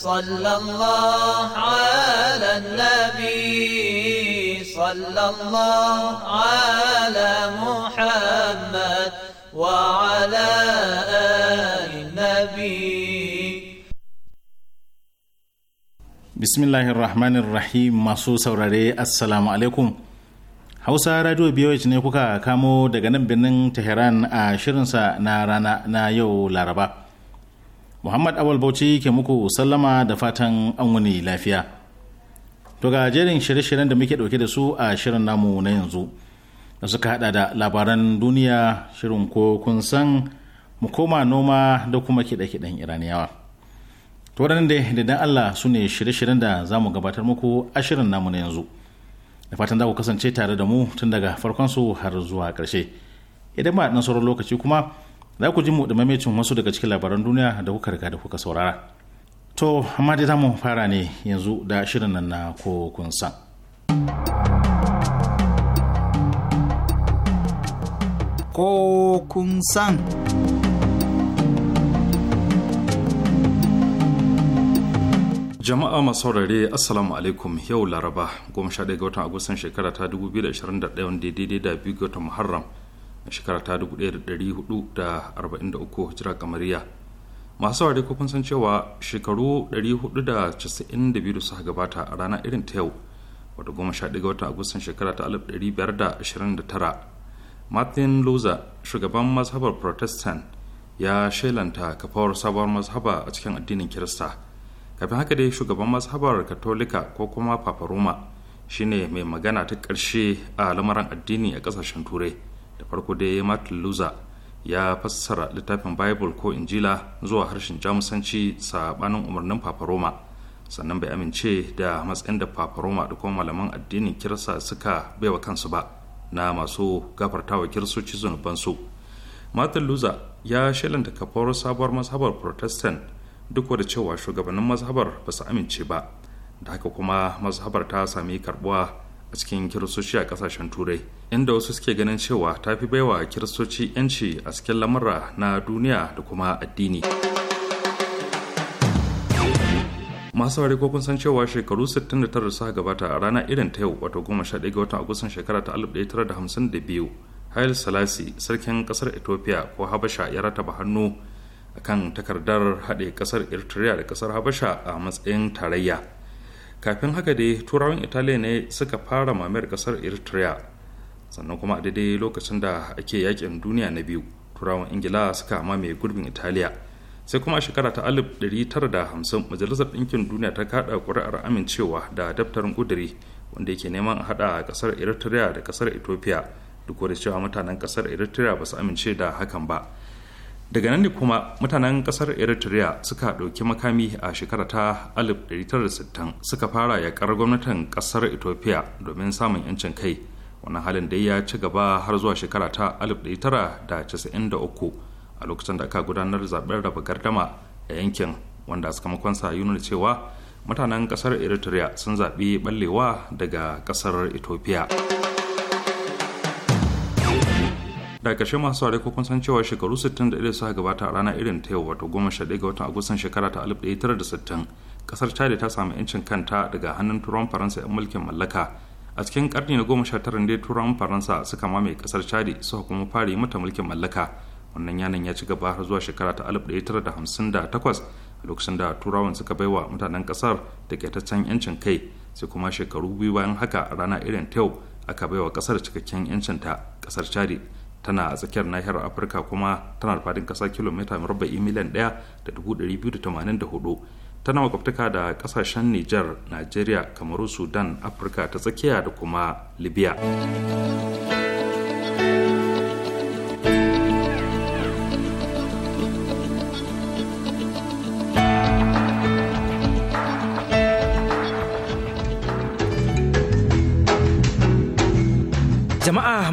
صلى الله على النبي صلى الله على محمد وعلى آل النبي بسم الله الرحمن الرحيم مسو سوراري السلام عليكم hausa radio biyoci ne kuka kamo daga nan birnin teheran a shirinsa na rana na yau laraba muhammad awal bauchi ke muku sallama da fatan an wuni lafiya to ga jerin shirye-shiryen da muke ɗauke da su a shirin namu na yanzu da suka hada da labaran duniya shirin ko kun san mu koma noma da kuma kiɗe-kiɗen iraniyawa to waɗannan allah su ne shirye-shiryen da za mu gabatar muku a shirin namu na yanzu da fatan za ku kasance tare da mu tun daga farkon su har zuwa karshe idan ba na sauran lokaci kuma za ku ji mu da mamecin wasu daga cikin labaran duniya da kuka riga da kuka saurara to amma dai za mu fara ne yanzu da shirin nan na ko kun san ko kun san jama'a masaurare assalamu alaikum yau laraba 11 ga watan agustan shekara ta 2021 daidai da 2 ga watan muharram a shekara ta 1443 hijira kamariya masu ware kun san cewa shekaru 492 da suka gabata a rana irin ta yau wata goma sha ga watan agustan shekara ta 1529 martin luther shugaban mazhabar protestant ya shelanta kafawar sabuwar mazhaba a cikin addinin kirista kafin haka dai shugaban mazhabar katolika ko kuma papa roma shine mai magana ta karshe a lamarin addini a ƙasashen turai da farko dai martin luther ya fassara littafin bible ko injila zuwa harshen jamusanci sabanin umarnin papa roma sannan bai amince da matsayin da papa roma da kuma malaman addinin kirsa suka baiwa kansu ba na masu gafartawa kiristoci zunubansu martin luther ya shalanta kafar sabuwar mazhabar protestant duk da cewa shugabannin mazhabar ba su amince ba da haka kuma mazhabar ta sami karbuwa a cikin kiristoci a kasashen turai inda wasu suke ganin cewa ta fi baiwa kiristoci 'yanci a cikin lamura na duniya da kuma addini masu saurari ko kun san cewa shekaru 69 suka gabata a rana irin ta yau wato 11 ga watan agustan shekara ta 1952 haile salasi sarkin kasar ethiopia ko habasha ya rataba hannu kan takardar haɗe kasar eritrea da kasar habasha a matsayin tarayya kafin haka dai turawan italiya ne suka fara mamayar kasar eritrea sannan kuma a daidai lokacin da ake yakin duniya na biyu turawan ingila suka mamaye gurbin italiya sai kuma a shekara ta 1950 majalisar ɗinkin duniya ta kada ƙuri'ar amincewa da daftarin ƙuduri wanda yake neman a haɗa kasar eritrea da kasar ethiopia duk da cewa mutanen kasar eritrea ba su amince da hakan ba daga nan ne kuma mutanen kasar eritrea suka ɗauki makami a shekara ta 1960 suka fara yakar gwamnatin kasar ethiopia domin samun 'yancin kai wannan halin dai ya ci gaba har zuwa shekara ta 1993 a lokacin da aka gudanar zaɓen raba gardama a yankin wanda sakamakonsa ya nuna cewa mutanen kasar eritrea sun zaɓi ballewa daga kasar ethiopia da ƙarshe masu ware kun san cewa shekaru 61 suka gabata a ranar irin ta yau wato 11 ga watan agustan shekara ta 1960 kasar chad ta samu 'yancin kanta daga hannun turan faransa 'yan mulkin mallaka a cikin karni na goma sha tara da turan faransa suka mamaye kasar chad suka kuma fara yi mata mulkin mallaka wannan yanin ya ci gaba har zuwa shekara ta 1958 a lokacin da turawan suka baiwa mutanen kasar da ƙetaccen 'yancin kai sai kuma shekaru biyu bayan haka rana irin ta yau aka baiwa kasar cikakken 'yancinta kasar chad tana a tsakiyar nahiyar afirka kuma tana da fadin kasa kilomita murabba'i miliyan ɗaya da dubu ɗari biyu da tamanin da hudu tana makwabtaka da kasashen niger nigeria kamaru sudan afirka ta tsakiya da kuma libya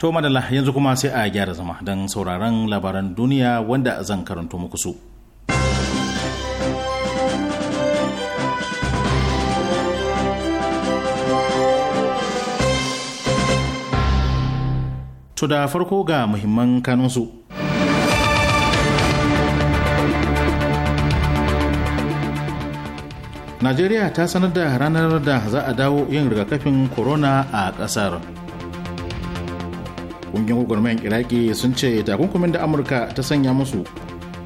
To madalla yanzu kuma sai a gyara zama don sauraron labaran duniya wanda zan karanto muku su. To da farko ga muhimman kanunsu. Najeriya ta sanar da ranar da za a dawo yin rigakafin corona a ƙasar. kungiyar gwagwarmayan iraki sun ce takunkumin da amurka ta sanya musu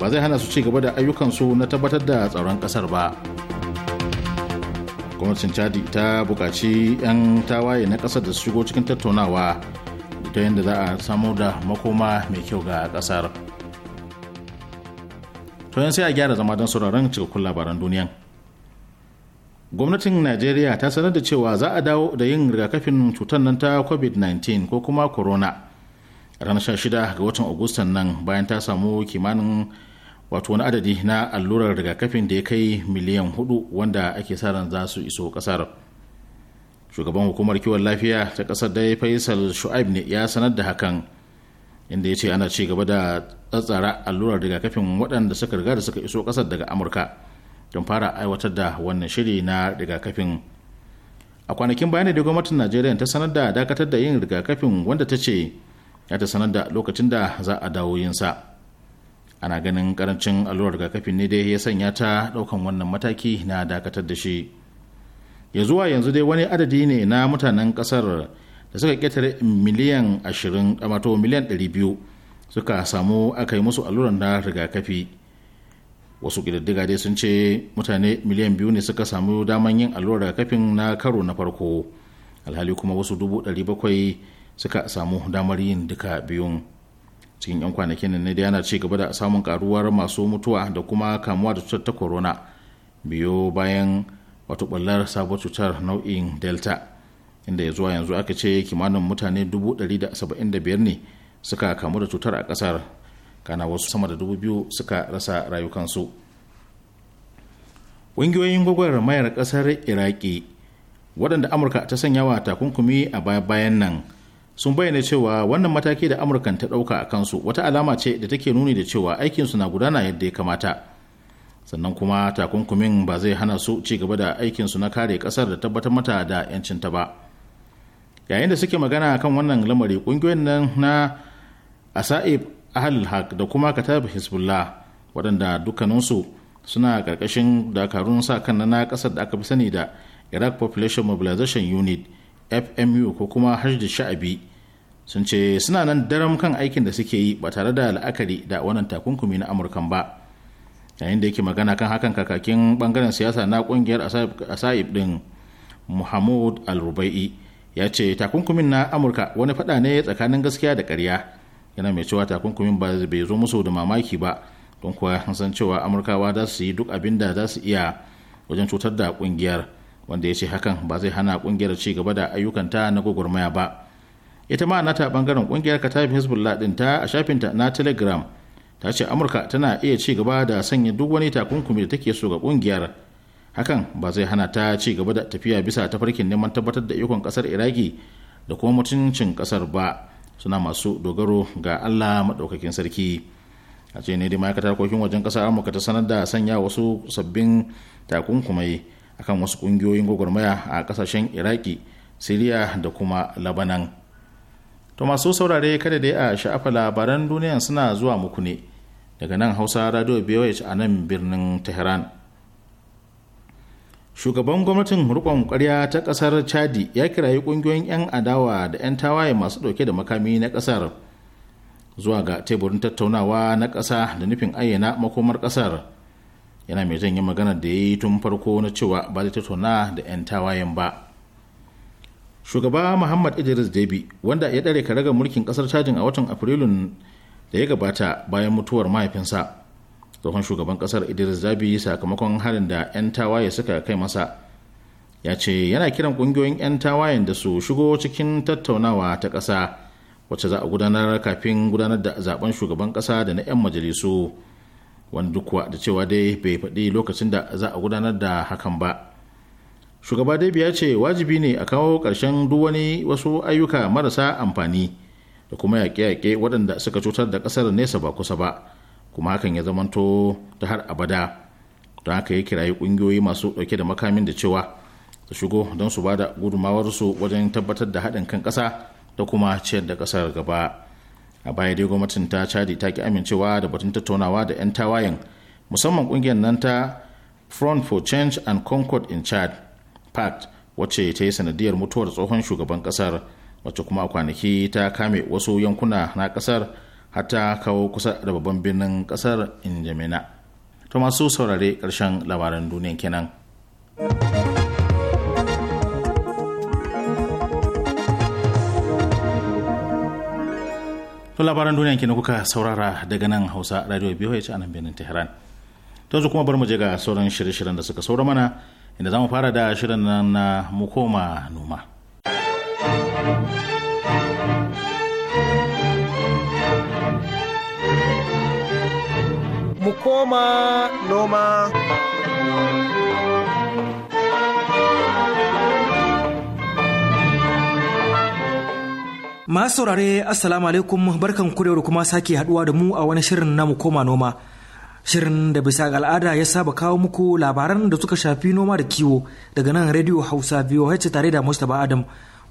ba zai hana su ci gaba da ayyukansu na tabbatar da tsaron kasar ba gwamnatin chadi ta buƙaci 'yan tawaye na ƙasar da su shigo cikin tattaunawa ta yadda za a samu da makoma mai kyau ga ƙasar to yan sai a gyara zama don sauraron cikakkun labaran duniyan gwamnatin najeriya ta sanar da cewa za a dawo da yin rigakafin cutar nan ta covid-19 ko kuma corona ranar 16 ga watan agustan nan bayan ta samu kimanin wato wani adadi na allurar rigakafin da ya kai miliyan hudu wanda ake sa ran za su iso kasar shugaban hukumar kiwon lafiya ta kasar dai faisal shu'aib ne ya sanar da hakan inda ya ce ana ci gaba da tsatsara allurar rigakafin waɗanda suka riga da suka iso kasar daga amurka don fara aiwatar da wannan shiri na rigakafin a kwanakin bayan da gwamnatin najeriya ta sanar da dakatar da yin rigakafin wanda ta ce ya ta sanar da lokacin da za a dawo yinsa ana ganin karancin allurar rigakafin ne dai ya sanya ta daukan wannan mataki na dakatar da shi ya zuwa yanzu dai wani adadi ne na mutanen kasar da suka ketare miliyan 20 mato miliyan 200 suka samu aka yi musu allurar na rigakafi wasu kididdiga dai sun ce mutane miliyan biyu ne suka samu daman yin allurar rigakafin na karo na farko alhali kuma wasu dubu ɗari suka samu damar yin duka biyun cikin 'yan kwanakin nan ne da yana ci gaba da samun karuwar masu mutuwa da kuma kamuwa da cutar ta corona biyo bayan wata bullar sabuwar cutar nau'in delta inda ya zuwa yanzu aka ce kimanin mutane 175 ne suka kamu da cutar a kasar kana wasu sama da 2000 suka rasa rayukansu ƙungiyoyin mayar ƙasar iraki waɗanda amurka ta sanya wa takunkumi a baya-bayan nan sun bayyana cewa wannan mataki da amurkan ta dauka a kansu wata alama ce da take nuni da cewa aikinsu na gudana yadda ya kamata sannan kuma takunkumin ba zai hana su ci gaba da aikinsu na kare kasar da tabbatar mata da yancin ta ba yayin da suke magana kan wannan lamari kungiyoyin nan na asa'ib al haq da kuma katab hezbollah waɗanda dukkaninsu suna ƙarƙashin dakarun sa kan na ƙasar da aka fi sani da iraq population mobilization unit fmu ko kuma hajji sha'abi sun ce suna nan daram kan aikin da suke yi ba tare da la'akari da wannan takunkumi na amurka ba yayin da yake magana kan hakan kakakin bangaren siyasa na kungiyar asaib din muhammad al rubaii ya ce takunkumin na amurka wani fada ne tsakanin gaskiya da ƙarya yana mai cewa takunkumin ba bai zo musu da mamaki ba don kuwa san cewa amurkawa za su yi duk abin da za su iya wajen cutar da kungiyar wanda ya ce hakan ba zai hana kungiyar ci gaba da ayyukanta na gwagwarmaya ba ita ma nata bangaren kungiyar tafi hezbollah din ta a shafinta na telegram ta ce amurka tana iya ci gaba da sanya duk wani takunkumi da take so ga kungiyar hakan ba zai hana ta ci gaba da tafiya bisa tafarkin neman tabbatar da ikon kasar iraki da kuma mutuncin kasar ba suna masu dogaro ga allah maɗaukakin sarki a ce ne dai ma'aikatar kokin wajen ƙasar amurka ta sanar da sanya wasu sabbin takunkumai akan wasu ƙungiyoyin gwagwarmaya a ƙasashen iraki siriya da kuma labanan to masu saurare kada dai a sha'afa labaran duniya suna zuwa muku ne daga nan hausa radio bih a nan birnin tehran shugaban gwamnatin rukon kwarya ta ƙasar chadi ya kirayi ƙungiyoyin 'yan adawa da 'yan tawaye masu ɗauke da makami na ƙasar zuwa ga teburin tattaunawa na ƙasa da nufin ayyana makomar ƙasar. yana mai janye magana da ya yi tun farko na cewa ba zai tattauna da 'yan tawayen ba shugaba muhammad idris debi wanda ya ɗare karaga mulkin kasar cajin a watan afrilun da ya gabata bayan mutuwar mahaifinsa tsohon shugaban kasar idris debi sakamakon harin da 'yan tawaye suka kai masa ya ce yana kiran ƙungiyoyin 'yan tawayen da su shigo cikin tattaunawa ta ƙasa wacce za a gudanar kafin gudanar da zaben shugaban ƙasa da na 'yan majalisu wani kuwa da cewa dai bai faɗi lokacin da za a gudanar da hakan ba shugaba dai ya ce wajibi ne a kawo ƙarshen duk wani wasu ayyuka marasa amfani da kuma yaƙe-yaƙe waɗanda suka cutar da ƙasar nesa ba kusa ba kuma hakan ya zamanto ta har abada don haka ya kirayi ƙungiyoyi masu ɗauke da makamin da cewa su shigo don su ba da gudunmawarsu wajen tabbatar da haɗin kan ƙasa da kuma ciyar da ƙasar gaba. a baya dai gwamnatin ta chadi ta ki amincewa da batun tattaunawa da 'yan tawayen musamman kungiyar nan ta front for change and concord in chad pact wacce ta yi sanadiyar mutuwar tsohon shugaban kasar wacce kuma a kwanaki ta kame wasu yankuna na kasar hata kawo kusa da babban birnin kasar in jamina ta masu saurare karshen labaran duniya kenan. to labaran duniya kenan kuka saurara daga nan hausa radio biyu ya ci anan birnin tehran to yanzu kuma bar mu je ga sauran shirye-shiryen da suka saura mana inda zamu fara da shirin nan na mu koma noma mu koma noma Masu saurare Assalamu alaikum barkan ku da kuma sake haduwa da mu a wani shirin na mu koma noma. Shirin da bisa ga al'ada ya saba kawo muku labaran da suka shafi noma da kiwo daga nan Radio Hausa VOH tare da Mustapha Adam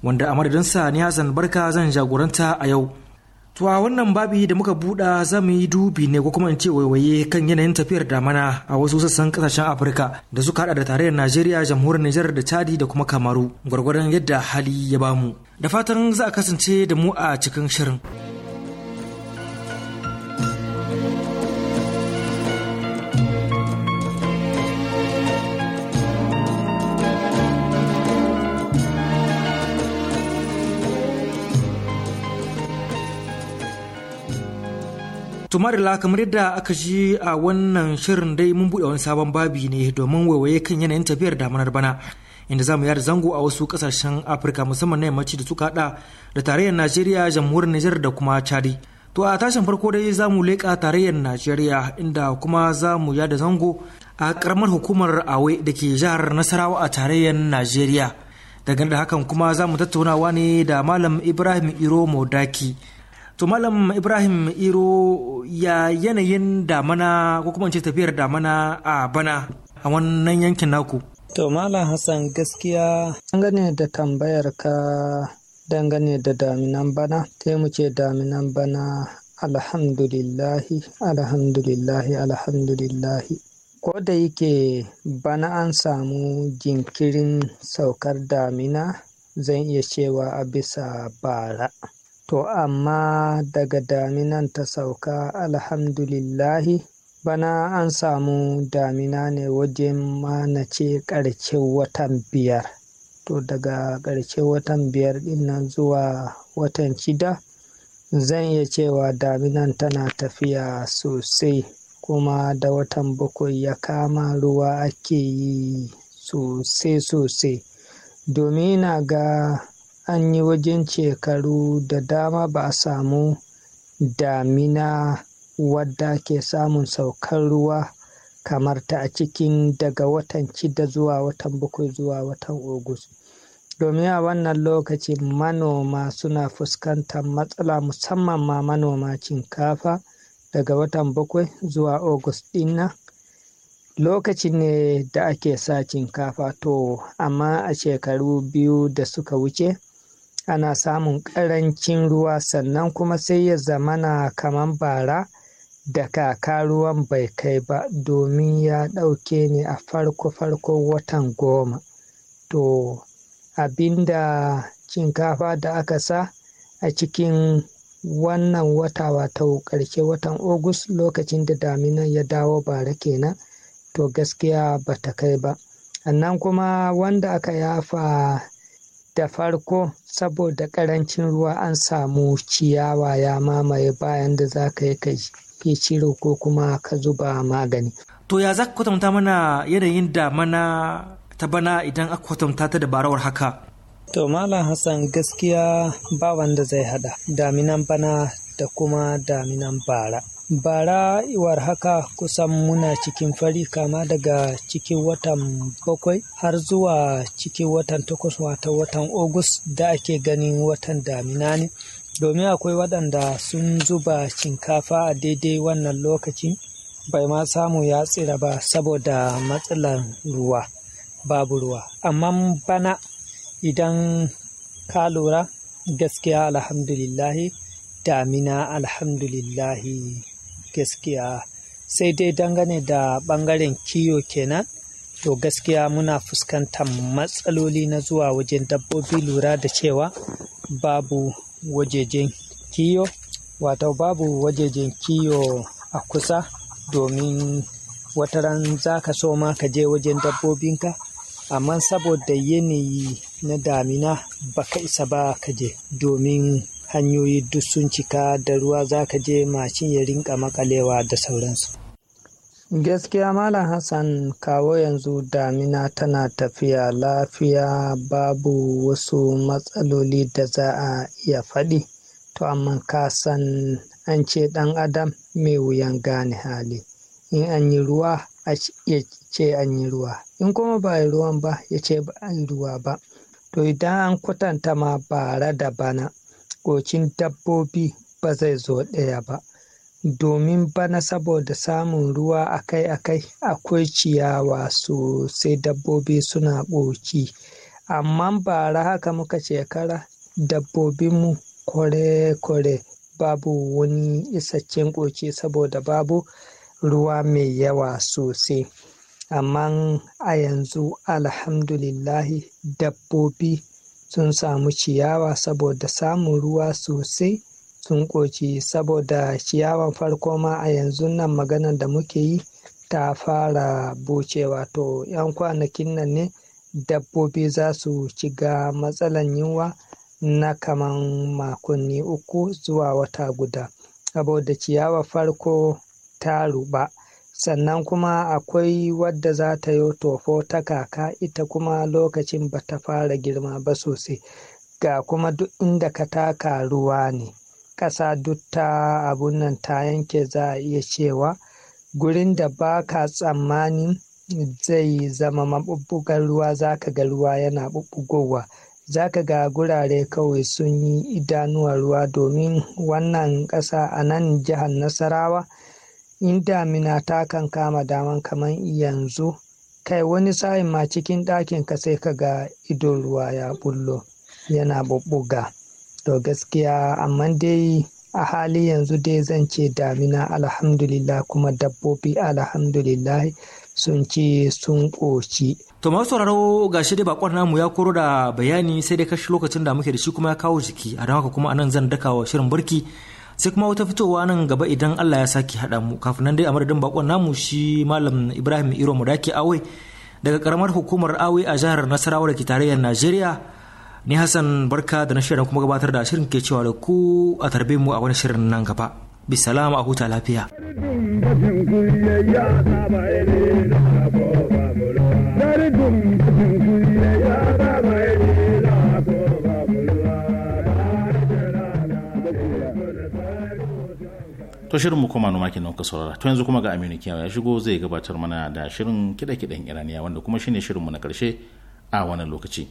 wanda a madadinsa ni Hassan Barka zan jagoranta a yau. tuwa wannan babi da muka buɗa za mu yi dubi ne ko kuma in ce waiwaye kan yanayin tafiyar damana a wasu sassan kasashen Afirka da suka haɗa da tarayyar Najeriya, jamhuriyar Nijar da Chadi da kuma Kamaru, gwargwadon yadda hali ya bamu. Da fatan za a kasance da mu a cikin shirin. Marila kamar yadda aka ji a wannan shirin dai mun buɗe wani sabon babi ne domin waiwaye kan yanayin tafiyar damanar bana inda za mu yada zango a wasu kasashen afirka musamman na yammaci da suka hada da tarayyar najeriya jamhuriyar nijar da kuma chadi to a tashin farko dai za mu leƙa tarayyar najeriya inda kuma za mu yada zango a karamar hukumar awe da ke jihar nasarawa a tarayyar najeriya daga da hakan kuma za mu tattaunawa ne da malam ibrahim iro modaki to malam ibrahim iro ya yanayin damana ko kuma ce tafiyar damana a bana a wannan yankin naku to malam hassan gaskiya dangane da tambayar ka dangane da daminan bana sai mu ce daminan bana alhamdulillahi alhamdulillahi alhamdulillahi ko da yake bana an samu jinkirin saukar damina zan iya cewa a bisa bara to amma daga daminan ta sauka alhamdulillahi bana an samu damina ne wajen manace ƙarshe watan biyar to daga ƙarshe watan biyar dinnan zuwa watan shida zan iya cewa daminan tana tafiya sosai kuma da watan bakwai ya kama ruwa ake yi sosai sosai domin na ga an yi wajen shekaru da dama ba a samu damina wadda ke samun saukar ruwa kamar ta a cikin daga watan shida zuwa watan bakwai zuwa watan ogus domin a wannan lokaci manoma suna fuskantar matsala musamman ma manoma shinkafa daga watan bakwai zuwa ogus dinnan lokaci ne da ake sa shinkafa to amma a shekaru biyu da suka wuce ana samun ƙarancin ruwa sannan kuma sai ya zamana kaman bara da kaka ruwan bai kai ba domin ya ɗauke ne a farko farko watan goma to abinda shinkafa da aka sa a cikin wannan wata wato ƙarshe watan ogus lokacin da daminan ya dawo bara kenan to gaskiya ba ta kai ba annan kuma wanda aka yafa da farko saboda ƙarancin ruwa an samu ciyawa ya mamaye bayan da za ka yi ka ciro ko kuma ka zuba magani. To ya za ka kwatanta mana yanayin da mana ta bana idan aka kwatanta ta dabarawar haka? To Malam Hassan gaskiya ba wanda zai hada. Daminan bana da kuma daminan bara. Bara iwar haka kusan muna cikin fari kama daga cikin watan bakwai har zuwa cikin watan takwas wata watan Ogus da ake ganin watan damina ne. Domin akwai waɗanda sun zuba shinkafa a daidai wannan lokacin bai ma samu ya tsira ba saboda matsalar ruwa babu ruwa. Amma bana idan ka lura gaskiya alhamdulillahi damina alhamdulillahi gaskiya sai dai dangane da bangaren kiyo kenan to gaskiya muna fuskantar matsaloli na zuwa wajen dabbobi lura da cewa babu wajejen kiyo wato babu wajejen kiyo a kusa domin wataran za ka so ma ka je wajen dabbobinka amma saboda yanayi na damina baka isa ba ka je domin hanyoyi duk sun cika da ruwa za ka je mashin ya rinka makalewa da sauransu gaskiya malam hassan kawo yanzu damina tana tafiya lafiya babu wasu matsaloli da za a iya faɗi to amma ka san an ce ɗan adam mai wuyan gane hali in an yi ruwa a ce an yi ruwa in kuma ba ruwan ba ya ce ba yi ruwa ba to idan an kwatanta ma bara da bana Ƙocin dabbobi ba zai zo ɗaya ba domin bana saboda samun ruwa akai-akai akwai ciyawa sosai dabbobi suna ɓoki amma bara haka muka ce shekara dabbobinmu kore-kore babu wani isasshen ƙoci saboda babu ruwa mai yawa sosai amma a yanzu alhamdulillahi dabbobi sun samu ciyawa saboda samun ruwa sosai sun ƙoci saboda ciyawan farko ma a yanzu nan magana da muke yi ta fara bucewa to 'yan kwanakin nan ne dabbobi za su shiga matsalan yunwa na kaman makonni uku zuwa wata guda saboda ciyawa farko ta ruba. sannan kuma akwai wadda za ta yi tofo ta kaka ita kuma lokacin ba ta fara girma ba sosai ga kuma duk inda ka taka ruwa ne ƙasa duk ta abun nan ta yanke za a iya cewa gurin da ba ka tsammanin zai zama maɓuɓɓugar ruwa za ka ga ruwa yana ɓuɓɓugowa za ka ga gurare kawai sun yi idanuwa ruwa domin wannan ƙasa a nan jihar nasarawa in damina ta kan kama daman kaman yanzu kai wani sa'in ma cikin ɗakin ka sai ka ga idon ruwa ya bullo yana bubbuga to gaskiya amma dai a hali yanzu dai zan ce damina alhamdulillah kuma dabbobi alhamdulillah sun ce sun ƙoci. To masu sauraro ga shi dai bakon namu ya koro da bayani sai dai kashi lokacin da muke da shi kuma ya kawo jiki a don haka kuma anan zan dakawa shirin barki sai kuma wata fitowa nan gaba idan Allah ya saki haɗa mu kafin nan dai a madadin bakon namu shi malam Ibrahim Iro Mudaki Awe daga karamar hukumar Awe a jihar Nasarawa da ke tarayyar Najeriya ni Hassan Barka da na shirin kuma gabatar da shirin ke cewa da ku a tarbe mu a wani shirin nan gaba bisalama a huta lafiya Dari dum to shirin mu kuma numa kenan ka saurara to yanzu kuma ga Aminu Kiyawa ya shigo zai gabatar mana da shirin kida-kidan Iraniya wanda kuma shine shirin mu na karshe a wannan lokaci.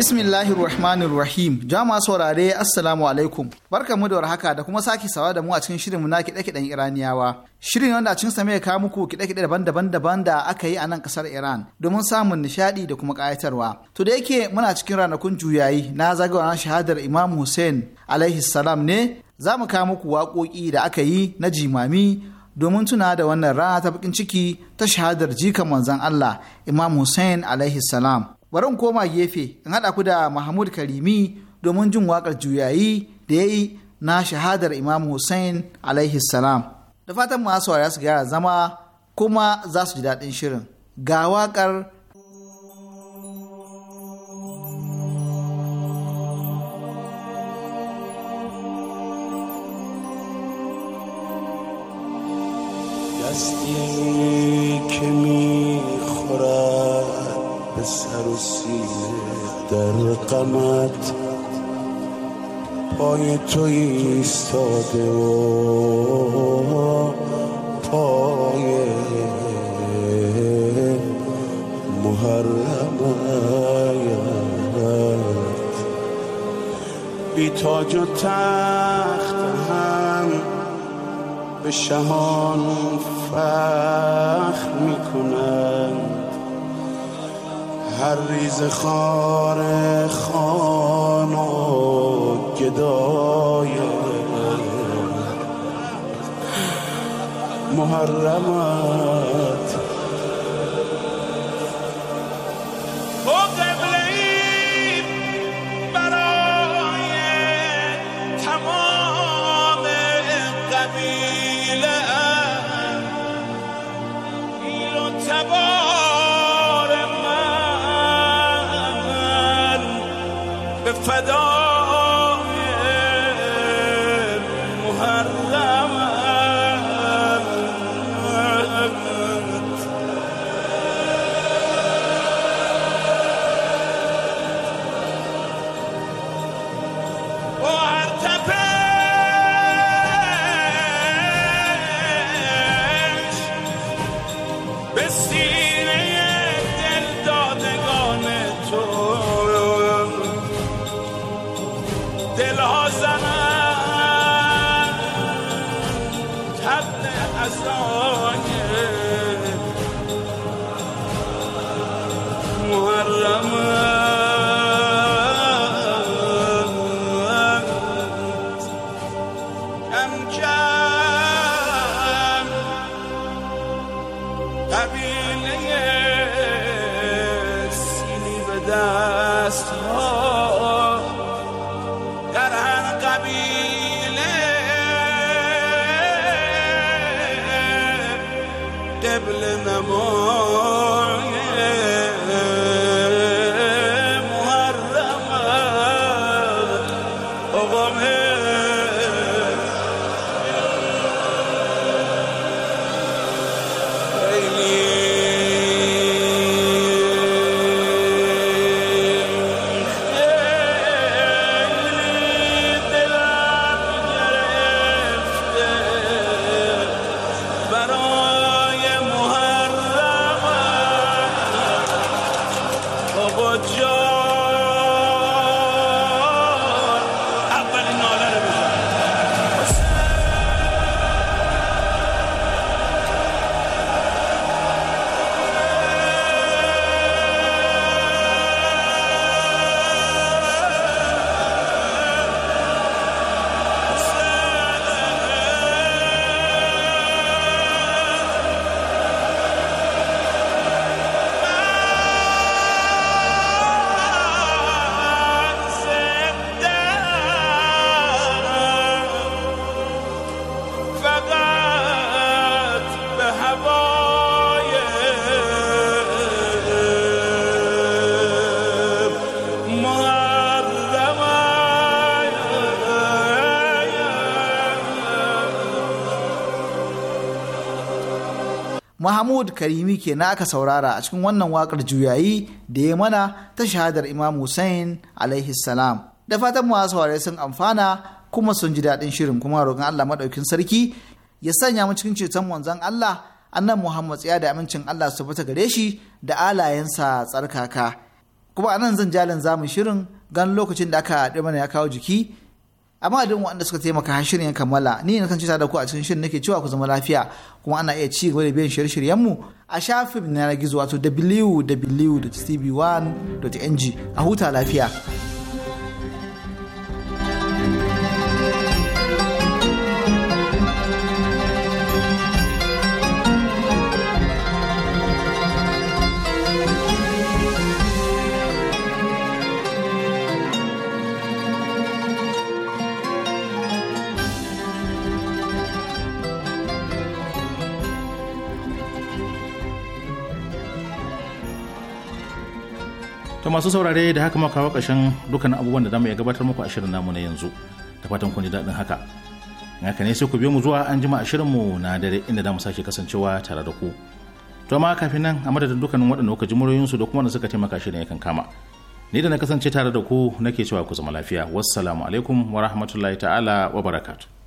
Bismillahir Rahmanir Rahim. Jama saurare Assalamu alaikum. mu da warhaka da kuma sake sawa da mu a cikin shirin na kiɗe-kiɗen Iraniyawa. Shirin wanda cin sa mai ka muku kiɗe-kiɗe daban-daban daban da aka yi a nan kasar Iran domin samun nishadi da kuma kayatarwa To da yake muna cikin ranakun juyayi na na shahadar Imam Hussein alaihi salam ne za mu kawo muku waƙoƙi da aka yi na jimami domin tuna da wannan rana ta bakin ciki ta shahadar jikan manzon Allah Imam Hussein alaihi salam. bari in koma gefe in haɗa ku da mahmud karimi domin jin waƙar juyayi da ya yi na shahadar imam hussein alaihi salam da fatan masu saurara su gyara zama kuma za su ji daɗin shirin ga waƙar به سر و سینه در قمت پای تو ایستاده و پای محرمت بی تاج و تخت هم به شهان فخر میکنن هر ریز خار خان و گدای محرمم فدای محرمت و هر تپش به mahmud karimi ke na aka saurara a cikin wannan wakar juyayi da ya mana ta shahadar imam hussein alaihi salam da fatan masu saurare sun amfana kuma sun ji daɗin shirin kuma roƙon allah maɗaukin sarki ya sanya mu cikin ceton wanzan allah annan muhammad tsaya da amincin allah su fita gare shi da alayensa tsarkaka kuma anan zan jalin zamu shirin gan lokacin da aka ɗi mana ya kawo jiki amma duk waɗanda suka taimaka har shirin ya kammala ni na kan da ku a cikin shirin nake cewa ku zama lafiya kuma ana iya ci gaba da biyan shirye-shiryen mu a shafin na gizo wato www.tv1.ng a huta lafiya. to masu saurare da haka maka kawo ƙarshen dukkan abubuwan da zamu iya gabatar muku a shirin namu na yanzu ta fatan kun ji daɗin haka haka ne sai ku biyo mu zuwa an jima a shirinmu na dare inda za mu sake kasancewa tare da ku to ma kafin nan a madadin dukkanin waɗanda kuka ji su da kuma wanda suka taimaka shirin yakan kama ni da na kasance tare da ku nake cewa ku zama lafiya wassalamu alaikum wa rahmatullahi ta'ala wa barakatuh